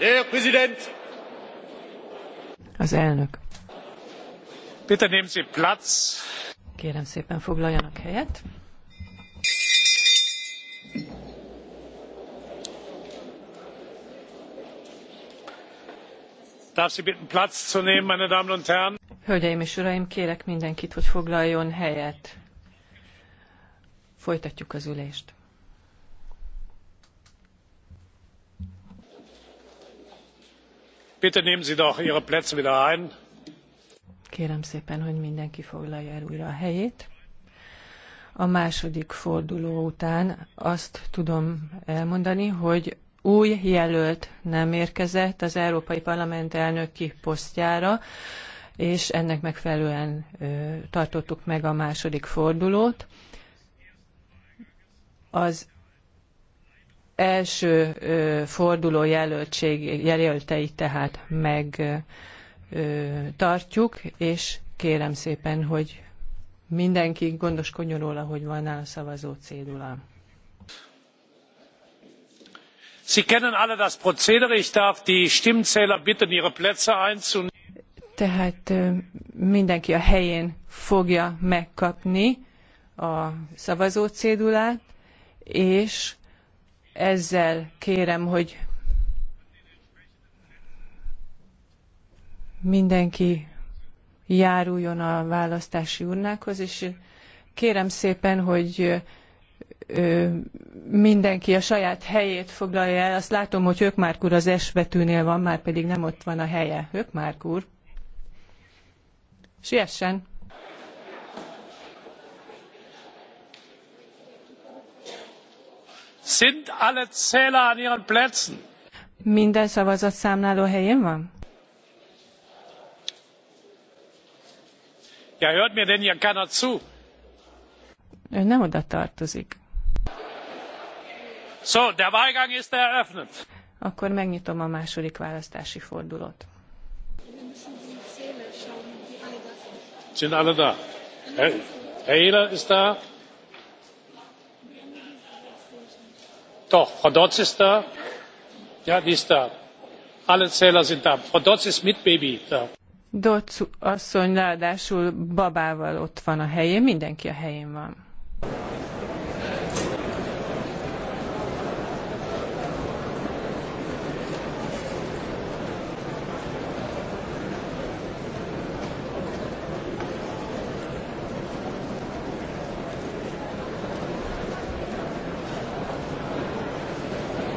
Herr Präsident! Az elnök. Bitte nehmen Sie Platz. Kérem szépen foglaljanak helyet. Darf Sie bitten Platz zu nehmen, meine Damen und Herren? Hölgyeim és uraim, kérek mindenkit, hogy foglaljon helyet. Folytatjuk az ülést. kérem szépen hogy mindenki foglalja el újra a helyét. a második forduló után azt tudom elmondani hogy új jelölt nem érkezett az európai parlament elnöki posztjára és ennek megfelelően tartottuk meg a második fordulót. az első forduló jelöltség, jelölteit tehát meg tartjuk és kérem szépen, hogy mindenki gondoskodjon róla, hogy van nála szavazó cédula. Sie kennen alle das Prozedere. Ich darf die Stimmzähler bitten, ihre Plätze einzunehmen. Tehát mindenki a helyén fogja megkapni a szavazó cédulát és ezzel kérem, hogy mindenki járuljon a választási urnákhoz, és kérem szépen, hogy mindenki a saját helyét foglalja el. Azt látom, hogy Hökmárk úr az S betűnél van, már pedig nem ott van a helye. Hökmárk úr. Siessen! Sind alle Zähler an ihren Plätzen? Minden szavazatszámláló helyén van? Ja, hört mir denn hier keiner zu? Ő nem oda tartozik. So, der Wahlgang ist eröffnet. Akkor megnyitom a második választási fordulót. Sind alle da? Herr Ehler ist da? doch frau dodds ist da ja die ist da alle zähler sind da. frau dodds ist mit baby da. dodds asszony ráadásul babával ott van a helyén mindenki a helyén van.